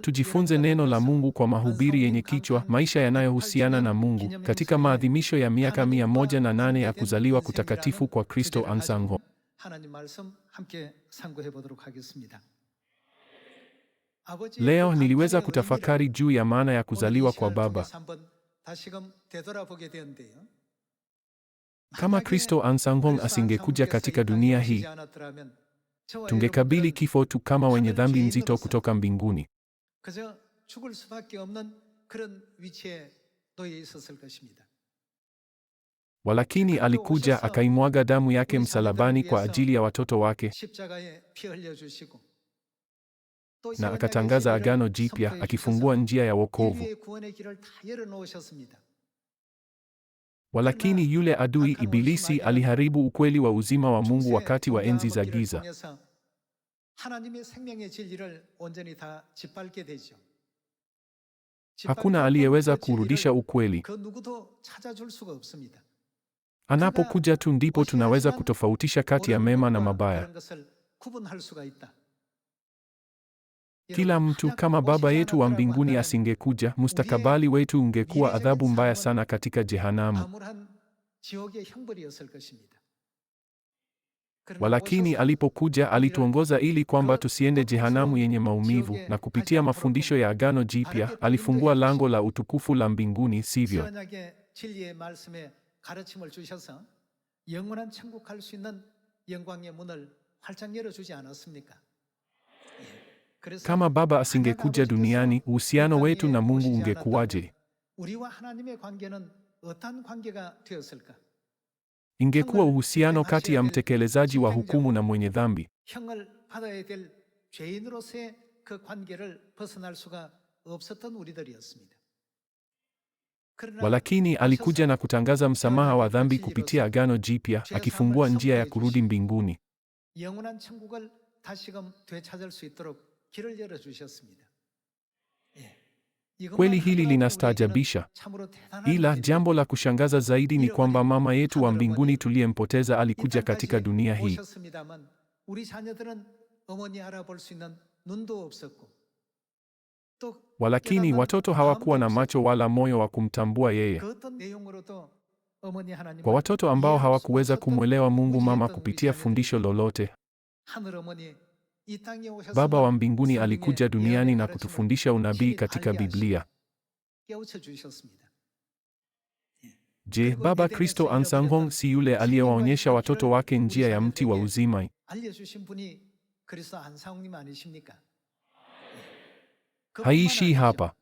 tujifunze neno la Mungu kwa mahubiri yenye kichwa maisha yanayohusiana na Mungu katika maadhimisho ya miaka mia moja na nane ya kuzaliwa kutakatifu kwa Kristo Ansango. Leo niliweza kutafakari juu ya maana ya kuzaliwa kwa Baba. Kama Kristo Ahnsahnghong asingekuja katika dunia hii, tungekabili kifo tu kama wenye dhambi nzito kutoka mbinguni. 그저 죽을 수밖에 없는 그런 위치에 놓여 있었을 것입니다. Walakini alikuja akaimwaga damu yake msalabani kwa ajili ya watoto wake na akatangaza agano jipya akifungua njia ya wokovu. Walakini yule adui Ibilisi aliharibu ukweli wa uzima wa Mungu wakati wa enzi za giza. 하나님의 생명의 진리를 온전히 다 짓밟게 되죠. Hakuna aliyeweza kurudisha ukweli. Anapokuja tu ndipo tunaweza kutofautisha kati ya mema na mabaya. Kila mtu kama Baba yetu wa mbinguni asingekuja, mustakabali wetu ungekuwa adhabu mbaya sana katika jehanamu. Walakini alipokuja alituongoza ili kwamba tusiende jehanamu yenye maumivu, na kupitia mafundisho ya Agano Jipya alifungua lango la utukufu la mbinguni, sivyo? Kama Baba asingekuja duniani, uhusiano wetu na Mungu ungekuwaje? ingekuwa uhusiano kati ya mtekelezaji wa hukumu na mwenye dhambi. Walakini alikuja na kutangaza msamaha wa dhambi kupitia Agano Jipya, akifungua njia ya kurudi mbinguni. Kweli hili linastaajabisha. Ila jambo la kushangaza zaidi ni kwamba mama yetu wa mbinguni tuliyempoteza alikuja katika dunia hii. Walakini watoto hawakuwa na macho wala moyo wa kumtambua yeye. Kwa watoto ambao hawakuweza kumwelewa Mungu mama kupitia fundisho lolote Baba wa mbinguni alikuja duniani na kutufundisha unabii katika Biblia. Je, Baba Kristo Ahnsahnghong si yule aliyewaonyesha watoto wake njia ya mti wa uzima? Haishi hapa.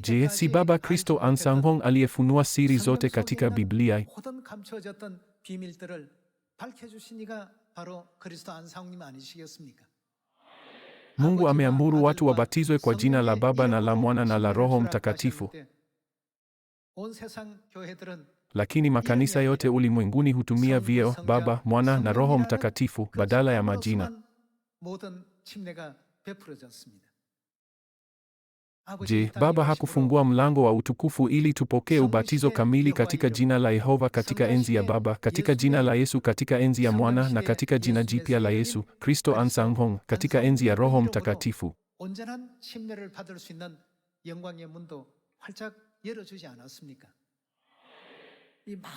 Je, si Baba Kristo Ahnsahnghong aliyefunua siri zote katika Biblia? Mungu ameamuru watu wabatizwe kwa jina la Baba na la Mwana na la Roho Mtakatifu. Lakini makanisa yote ulimwenguni hutumia vyeo Baba, Mwana na Roho Mtakatifu badala ya majina. Je, Baba hakufungua mlango wa utukufu ili tupokee ubatizo kamili katika jina la Yehova katika enzi ya Baba, katika jina la Yesu katika enzi ya Mwana na katika jina jipya la Yesu Kristo Ahnsahnghong katika enzi ya Roho Mtakatifu?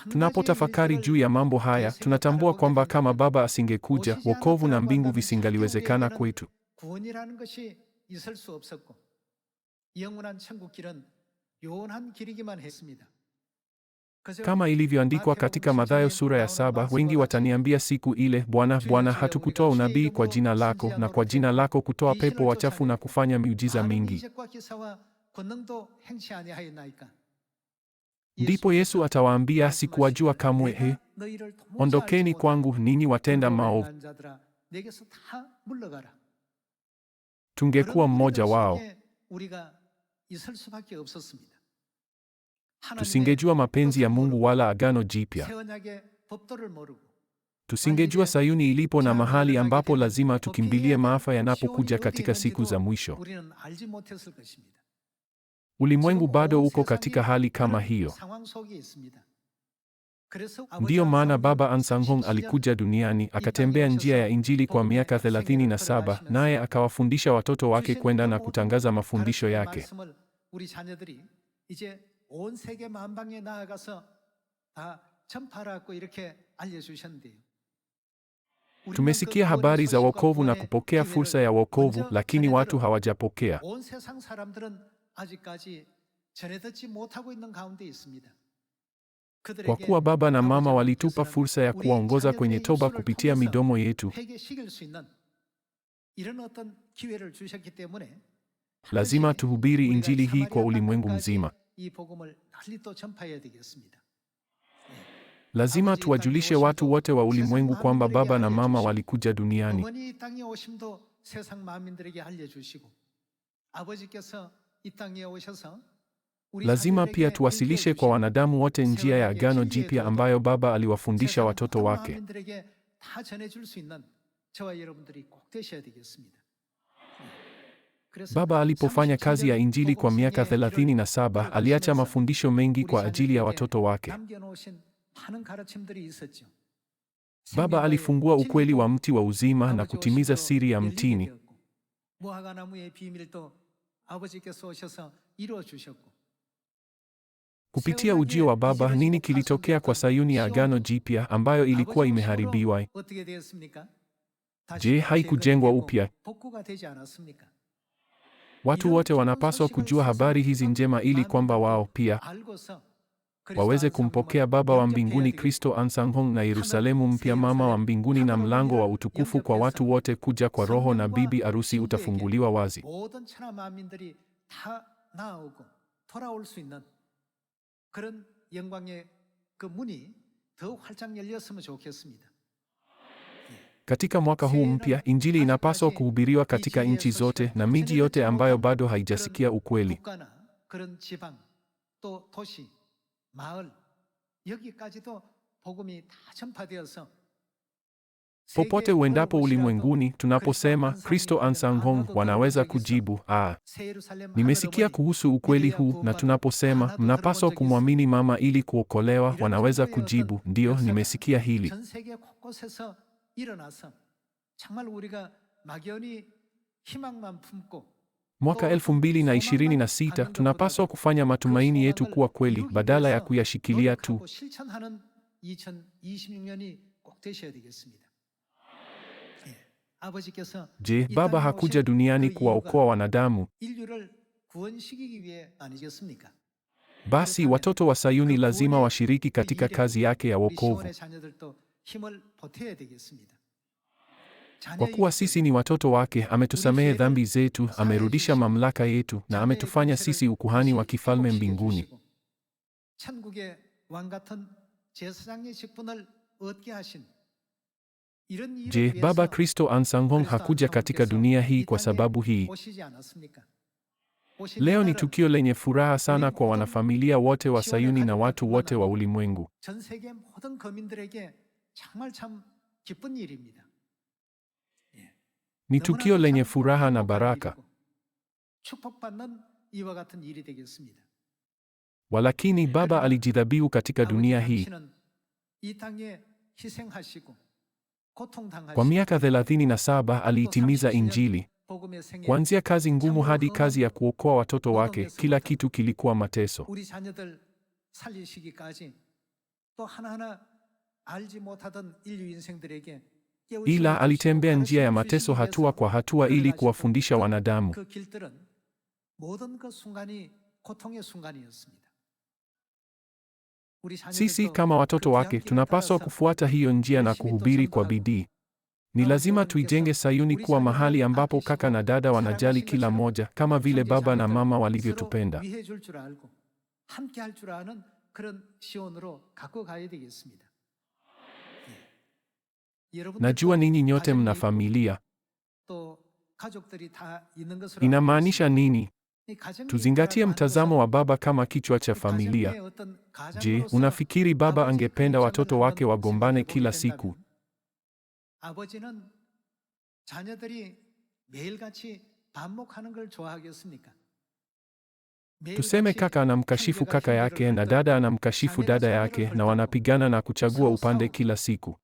Tunapotafakari juu ya mambo haya, tunatambua kwamba kama Baba asingekuja, wokovu na mbingu visingaliwezekana kwetu. Kama ilivyoandikwa katika Mathayo sura ya saba, wengi wataniambia siku ile, Bwana, Bwana, hatukutoa unabii kwa jina lako na kwa jina lako kutoa pepo wachafu na kufanya miujiza mingi? Ndipo Yesu atawaambia, sikuwajua kamwe. He, ondokeni kwangu ninyi watenda maovu. Tungekuwa mmoja wao. Tusingejua mapenzi ya Mungu wala agano jipya. Tusingejua Sayuni ilipo na mahali ambapo lazima tukimbilie maafa yanapokuja katika siku za mwisho. Ulimwengu bado uko katika hali kama hiyo. Ndiyo maana Baba ansanghong alikuja duniani, akatembea njia ya Injili kwa miaka 37, naye akawafundisha watoto wake kwenda na kutangaza mafundisho yake. Tumesikia habari za wokovu na kupokea fursa ya wokovu, lakini watu hawajapokea. Kwa kuwa baba na mama walitupa fursa ya kuwaongoza kwenye toba kupitia midomo yetu, lazima tuhubiri Injili hii kwa ulimwengu mzima. Lazima tuwajulishe watu wote wa ulimwengu kwamba baba na mama walikuja duniani. Lazima pia tuwasilishe kwa wanadamu wote njia ya Agano Jipya ambayo Baba aliwafundisha watoto wake. Baba alipofanya kazi ya Injili kwa miaka 37, aliacha mafundisho mengi kwa ajili ya watoto wake. Baba alifungua ukweli wa mti wa uzima na kutimiza siri ya mtini. Kupitia ujio wa Baba, nini kilitokea kwa Sayuni ya Agano Jipya ambayo ilikuwa imeharibiwa? Je, haikujengwa upya? Watu wote wanapaswa kujua habari hizi njema ili kwamba wao pia waweze kumpokea Baba wa mbinguni Kristo Ahnsahnghong na Yerusalemu mpya, mama wa mbinguni na mlango wa utukufu kwa watu wote kuja kwa Roho na bibi arusi utafunguliwa wazi. 그런 영광의 그 문이 더욱 활짝 열렸으면 좋겠습니다. Katika mwaka huu mpya injili inapaswa kuhubiriwa katika nchi zote na miji yote ambayo bado haijasikia ukweli. Popote uendapo ulimwenguni, tunaposema Kristo Ahnsahnghong, wanaweza kujibu ah, nimesikia kuhusu ukweli huu. Na tunaposema mnapaswa kumwamini mama ili kuokolewa, wanaweza kujibu ndiyo, nimesikia hili. Mwaka 2026 tunapaswa kufanya matumaini yetu kuwa kweli badala ya kuyashikilia tu. Je, Baba hakuja duniani kuwaokoa wanadamu? Basi watoto wa Sayuni lazima washiriki katika kazi yake ya wokovu. Kwa kuwa sisi ni watoto wake, ametusamehe dhambi zetu, amerudisha mamlaka yetu na ametufanya sisi ukuhani wa kifalme mbinguni. Je, Baba Kristo Ahnsahnghong hakuja katika dunia hii kwa sababu hii? Leo ni tukio lenye furaha sana kwa wanafamilia wote wa Sayuni na watu wote wa ulimwengu. Ni tukio lenye furaha na baraka. Walakini Baba alijidhabihu katika dunia hii. Kwa miaka 37 aliitimiza Injili. Kuanzia kazi ngumu hadi kazi ya kuokoa watoto wake, kila kitu kilikuwa mateso. Ila alitembea njia ya mateso hatua kwa hatua ili kuwafundisha wanadamu. Sisi kama watoto wake tunapaswa kufuata hiyo njia na kuhubiri kwa bidii. Ni lazima tuijenge Sayuni kuwa mahali ambapo kaka na dada wanajali kila moja kama vile baba na mama walivyotupenda. Najua ninyi nyote mna familia. Inamaanisha nini? Tuzingatie mtazamo wa baba kama kichwa cha familia. Je, unafikiri baba angependa watoto wake wagombane kila siku? Tuseme kaka anamkashifu kaka yake na dada anamkashifu dada yake na wanapigana na kuchagua upande kila siku.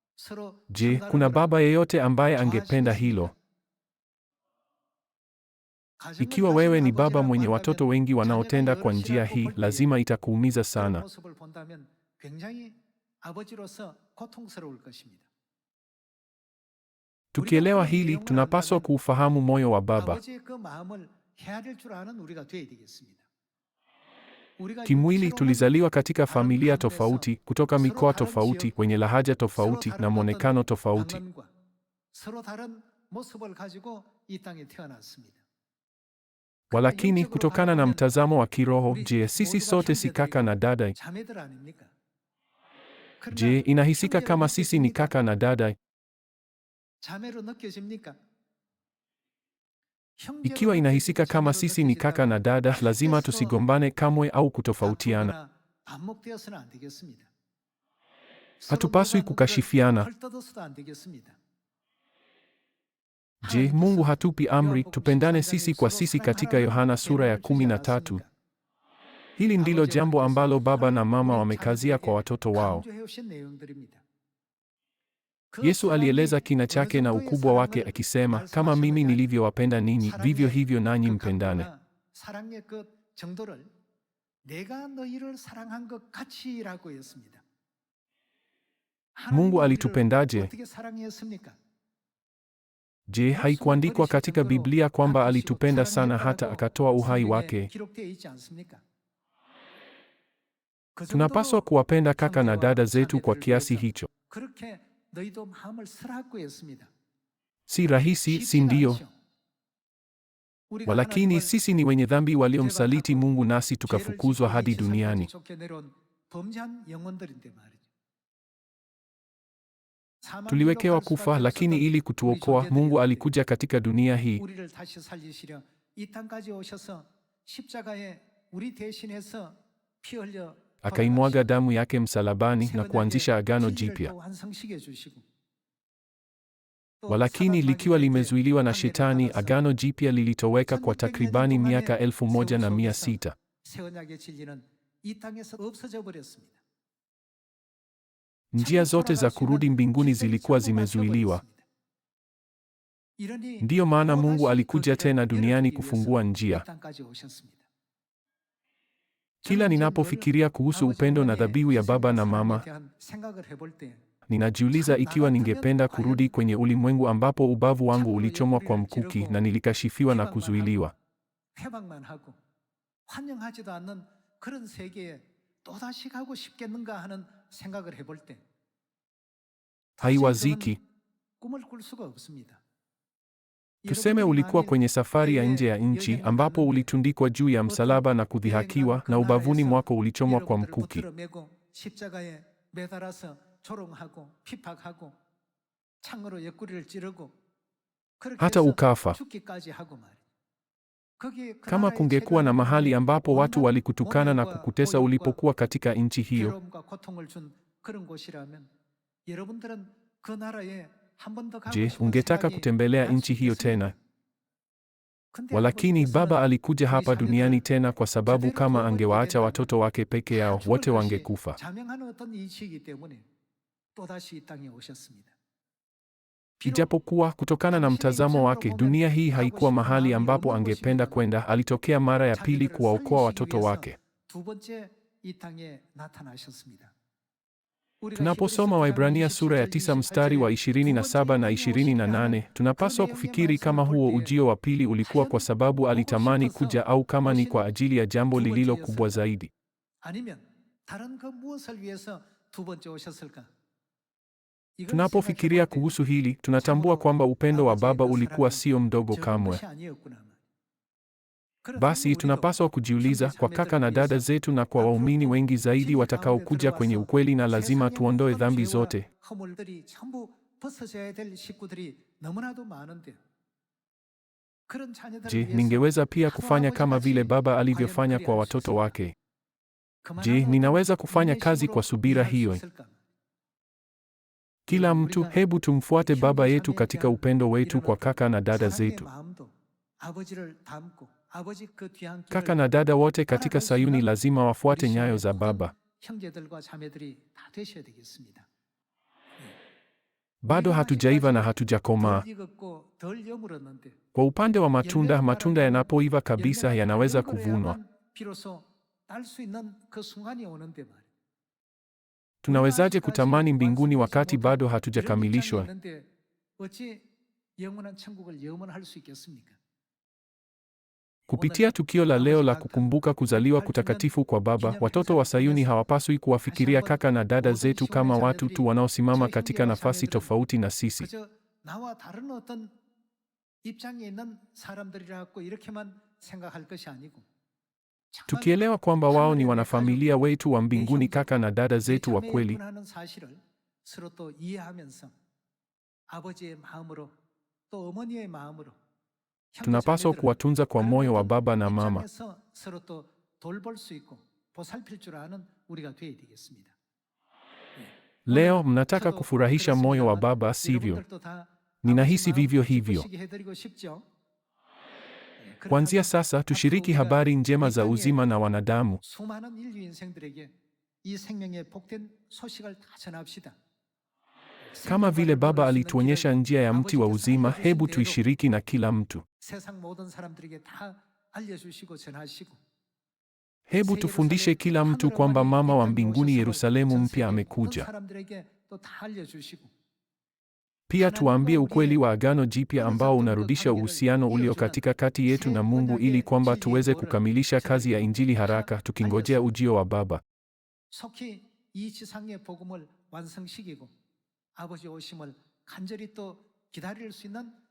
Je, kuna baba yeyote ambaye angependa hilo? Ikiwa wewe ni baba mwenye watoto wengi wanaotenda kwa njia hii, lazima itakuumiza sana. Tukielewa hili, tunapaswa kuufahamu moyo wa baba. Kimwili tulizaliwa katika familia tofauti, kutoka mikoa tofauti, wenye lahaja tofauti na mwonekano tofauti. Walakini kutokana na mtazamo wa kiroho, je, sisi sote si kaka na dada? Je, inahisika kama sisi ni kaka na dada? Ikiwa inahisika kama sisi ni kaka na dada, lazima tusigombane kamwe au kutofautiana. Hatupaswi kukashifiana. Je, Mungu hatupi amri tupendane sisi kwa sisi katika Yohana sura ya kumi na tatu? Hili ndilo jambo ambalo baba na mama wamekazia kwa watoto wao. Yesu alieleza kina chake na ukubwa wake akisema, kama mimi nilivyowapenda ninyi, vivyo hivyo nanyi mpendane. Mungu alitupendaje? Je, haikuandikwa katika Biblia kwamba alitupenda sana hata akatoa uhai wake? Tunapaswa kuwapenda kaka na dada zetu kwa kiasi hicho. Si rahisi, si ndio? Walakini sisi ni wenye dhambi waliomsaliti Mungu nasi tukafukuzwa hadi duniani. Tuliwekewa kufa, lakini ili kutuokoa Mungu alikuja katika dunia hii. Akaimwaga damu yake msalabani na kuanzisha agano jipya, walakini likiwa limezuiliwa na Shetani, agano jipya lilitoweka kwa takribani miaka elfu moja na mia sita. Njia zote za kurudi mbinguni zilikuwa zimezuiliwa. Ndiyo maana Mungu alikuja tena duniani kufungua njia. Kila ninapofikiria kuhusu upendo na dhabihu ya baba na mama, ninajiuliza ikiwa ningependa kurudi kwenye ulimwengu ambapo ubavu wangu ulichomwa kwa mkuki na nilikashifiwa na kuzuiliwa haiwaziki Tuseme ulikuwa kwenye safari ya nje ya nchi ambapo ulitundikwa juu ya msalaba na kudhihakiwa na ubavuni mwako ulichomwa kwa mkuki. Hata ukafa. Kama kungekuwa na mahali ambapo watu walikutukana na kukutesa ulipokuwa katika nchi hiyo, je, ungetaka kutembelea nchi hiyo tena? Walakini baba alikuja hapa duniani tena, kwa sababu kama angewaacha watoto wake peke yao, wote wangekufa. Ijapokuwa kutokana na mtazamo wake dunia hii haikuwa mahali ambapo angependa kwenda, alitokea mara ya pili kuwaokoa watoto wake. Tunaposoma Waibrania sura ya tisa mstari wa 27 na 28, tunapaswa kufikiri kama huo ujio wa pili ulikuwa kwa sababu alitamani kuja au kama ni kwa ajili ya jambo lililo kubwa zaidi. Tunapofikiria kuhusu hili, tunatambua kwamba upendo wa Baba ulikuwa sio mdogo kamwe. Basi tunapaswa kujiuliza kwa kaka na dada zetu na kwa waumini wengi zaidi watakaokuja kwenye ukweli, na lazima tuondoe dhambi zote. Je, ningeweza pia kufanya kama vile Baba alivyofanya kwa watoto wake? Je, ninaweza kufanya kazi kwa subira hiyo? Kila mtu, hebu tumfuate Baba yetu katika upendo wetu kwa kaka na dada zetu. Kaka na dada wote katika Sayuni lazima wafuate nyayo za Baba. Bado hatujaiva na hatujakomaa. Kwa upande wa matunda, matunda yanapoiva kabisa yanaweza kuvunwa. Tunawezaje kutamani mbinguni wakati bado hatujakamilishwa? Kupitia tukio la leo la kukumbuka kuzaliwa kutakatifu kwa Baba, watoto wa Sayuni hawapaswi kuwafikiria kaka na dada zetu kama watu tu wanaosimama katika nafasi tofauti na sisi tukielewa kwamba wao ni wanafamilia wetu wa mbinguni, kaka na dada zetu wa kweli. Tunapaswa kuwatunza kwa moyo wa baba na mama. Leo mnataka kufurahisha moyo wa baba, sivyo? Ninahisi vivyo hivyo. Kuanzia sasa tushiriki habari njema za uzima na wanadamu. Kama vile Baba alituonyesha njia ya mti wa uzima, hebu tuishiriki na kila mtu. Hebu tufundishe kila mtu kwamba Mama wa Mbinguni Yerusalemu mpya amekuja. Pia tuwaambie ukweli wa Agano Jipya ambao unarudisha uhusiano ulio katika kati yetu na Mungu ili kwamba tuweze kukamilisha kazi ya Injili haraka tukingojea ujio wa Baba.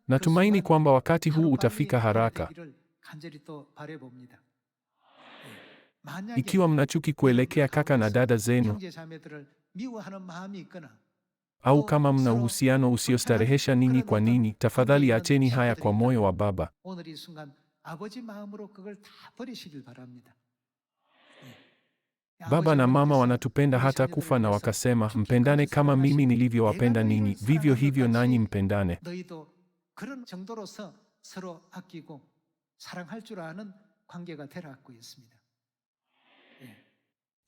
Natumaini kwamba wakati huu utafika haraka. Ikiwa mnachuki kuelekea kaka na dada zenu au kama mna uhusiano usiostarehesha ninyi kwa ninyi, tafadhali acheni haya kwa moyo wa Baba. Baba na mama wanatupenda hata kufa, na wakasema, mpendane kama mimi nilivyowapenda ninyi, vivyo hivyo nanyi mpendane.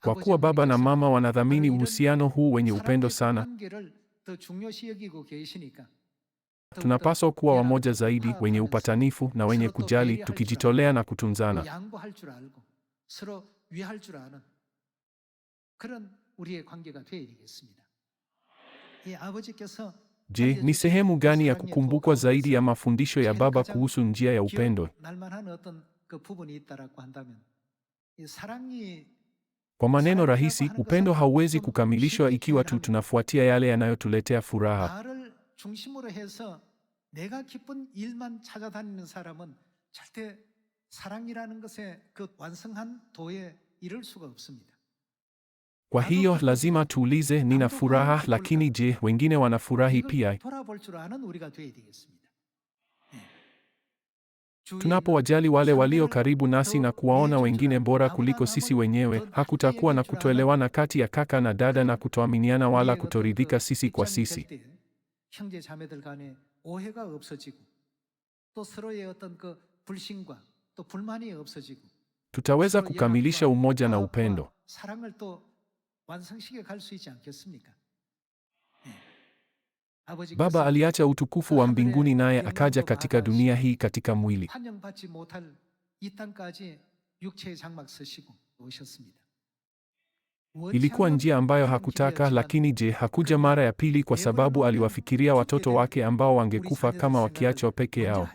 Kwa kuwa baba na mama wanadhamini uhusiano huu wenye upendo sana. Tunapaswa kuwa wamoja zaidi, wenye upatanifu na wenye kujali, tukijitolea na kutunzana. Je, ni sehemu gani ya kukumbukwa zaidi ya mafundisho ya Baba kuhusu njia ya upendo? Kwa maneno rahisi, upendo hauwezi kukamilishwa ikiwa tu tunafuatia yale yanayotuletea furaha. Kwa hiyo lazima tuulize, nina furaha, lakini je, wengine wanafurahi pia? Tunapowajali wale walio karibu nasi na kuwaona wengine bora kuliko sisi wenyewe, hakutakuwa na kutoelewana kati ya kaka na dada na kutoaminiana wala kutoridhika sisi kwa sisi. Tutaweza kukamilisha umoja na upendo. Baba aliacha utukufu wa mbinguni naye akaja katika dunia hii katika mwili. Ilikuwa njia ambayo hakutaka, lakini je, hakuja mara ya pili kwa sababu aliwafikiria watoto wake ambao wangekufa kama wakiachwa peke yao.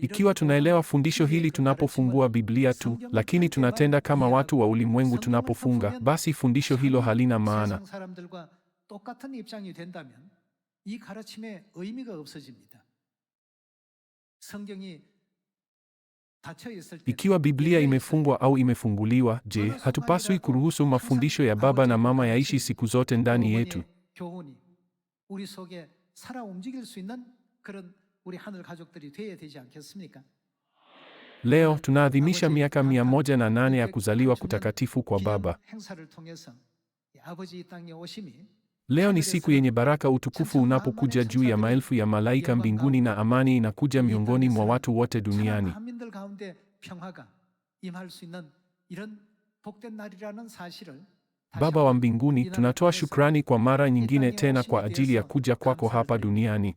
Ikiwa tunaelewa fundisho hili tunapofungua Biblia tu, lakini tunatenda kama watu wa ulimwengu tunapofunga, basi fundisho hilo halina maana. Ikiwa Biblia imefungwa au imefunguliwa, je, hatupaswi kuruhusu mafundisho ya Baba na Mama yaishi siku zote ndani yetu? 우리 하늘 가족들이 되어야 되지 않겠습니까? Leo tunaadhimisha miaka 108 ya kuzaliwa kutakatifu kwa Baba. Leo ni siku yenye baraka, utukufu unapokuja juu ya maelfu ya malaika mbinguni, na amani inakuja miongoni mwa watu wote duniani. Baba wa mbinguni, tunatoa shukrani kwa mara nyingine tena kwa ajili ya kuja kwako hapa duniani.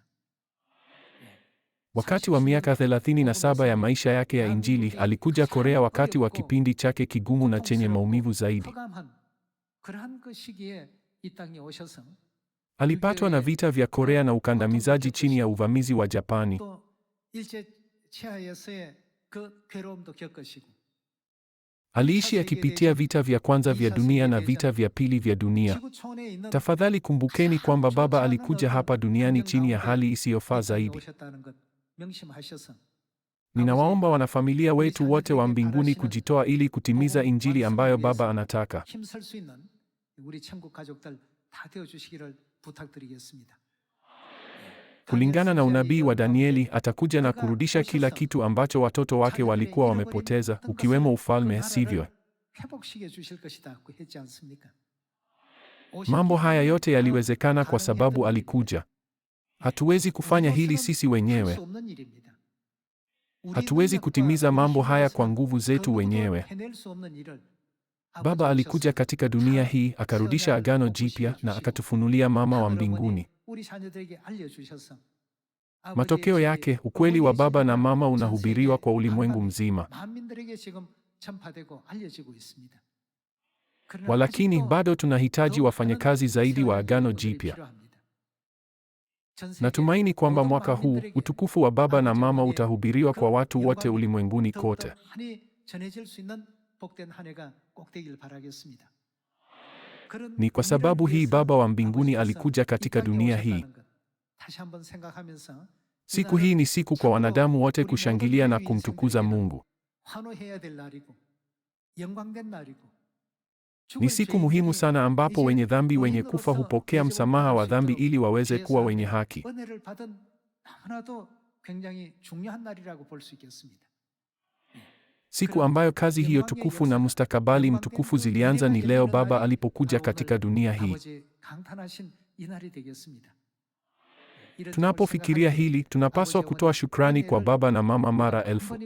Wakati wa miaka 37 ya maisha yake ya Injili, alikuja Korea wakati wa kipindi chake kigumu na chenye maumivu zaidi. Alipatwa na vita vya Korea na ukandamizaji chini ya uvamizi wa Japani. Aliishi akipitia vita vya kwanza vya dunia na vita vya pili vya dunia. Tafadhali kumbukeni kwamba Baba alikuja hapa duniani chini ya hali isiyofaa zaidi. Ninawaomba wanafamilia wetu wote wa mbinguni kujitoa ili kutimiza Injili ambayo Baba anataka. Kulingana na unabii wa Danieli, atakuja na kurudisha kila kitu ambacho watoto wake walikuwa wamepoteza, ukiwemo ufalme, sivyo? Mambo haya yote yaliwezekana kwa sababu alikuja. Hatuwezi kufanya hili sisi wenyewe. Hatuwezi kutimiza mambo haya kwa nguvu zetu wenyewe. Baba alikuja katika dunia hii, akarudisha agano jipya na akatufunulia mama wa mbinguni. Matokeo yake, ukweli wa baba na mama unahubiriwa kwa ulimwengu mzima. Walakini bado tunahitaji wafanyakazi zaidi wa agano jipya. Natumaini kwamba mwaka huu utukufu wa Baba na Mama utahubiriwa kwa watu wote ulimwenguni kote. Ni kwa sababu hii Baba wa mbinguni alikuja katika dunia hii. Siku hii ni siku kwa wanadamu wote kushangilia na kumtukuza Mungu. Ni siku muhimu sana ambapo wenye dhambi wenye kufa hupokea msamaha wa dhambi ili waweze kuwa wenye haki. Siku ambayo kazi hiyo tukufu na mustakabali mtukufu zilianza ni leo Baba alipokuja katika dunia hii. Tunapofikiria hili, tunapaswa kutoa shukrani kwa Baba na Mama mara elfu.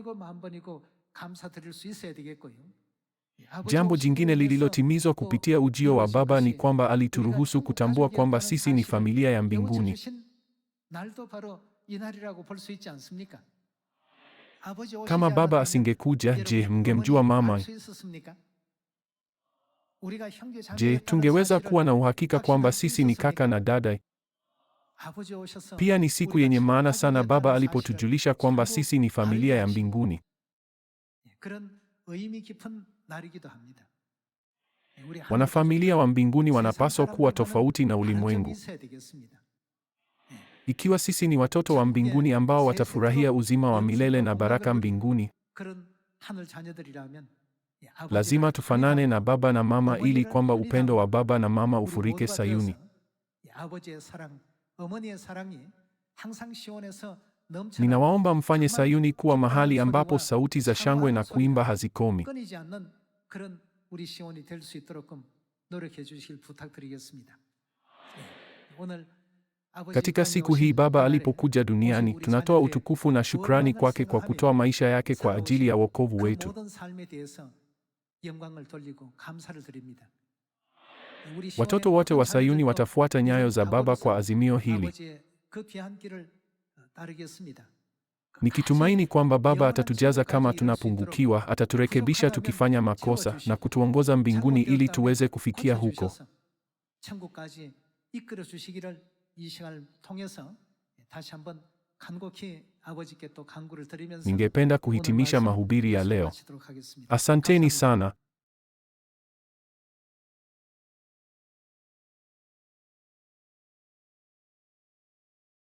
Jambo jingine lililotimizwa kupitia ujio wa Baba ni kwamba alituruhusu kutambua kwamba sisi ni familia ya mbinguni. Kama Baba asingekuja, je, mngemjua Mama? Je, tungeweza kuwa na uhakika kwamba sisi ni kaka na dada? Pia ni siku yenye maana sana Baba alipotujulisha kwamba sisi ni familia ya mbinguni. Eh, Wanafamilia wa mbinguni wanapaswa kuwa tofauti na ulimwengu. Eh. Ikiwa sisi ni watoto wa mbinguni ambao watafurahia uzima wa milele na baraka mbinguni, lazima tufanane na baba na mama ili kwamba upendo wa baba na mama ufurike Sayuni. Ninawaomba mfanye Sayuni kuwa mahali ambapo sauti za shangwe na kuimba hazikomi. Katika siku hii Baba alipokuja duniani, tunatoa utukufu na shukrani kwake kwa kutoa maisha yake kwa ajili ya wokovu wetu. Watoto wote wa Sayuni watafuata nyayo za Baba kwa azimio hili nikitumaini kwamba Baba atatujaza kama tunapungukiwa, ataturekebisha tukifanya makosa na kutuongoza mbinguni ili tuweze kufikia huko. Ningependa kuhitimisha mahubiri ya leo. Asanteni sana.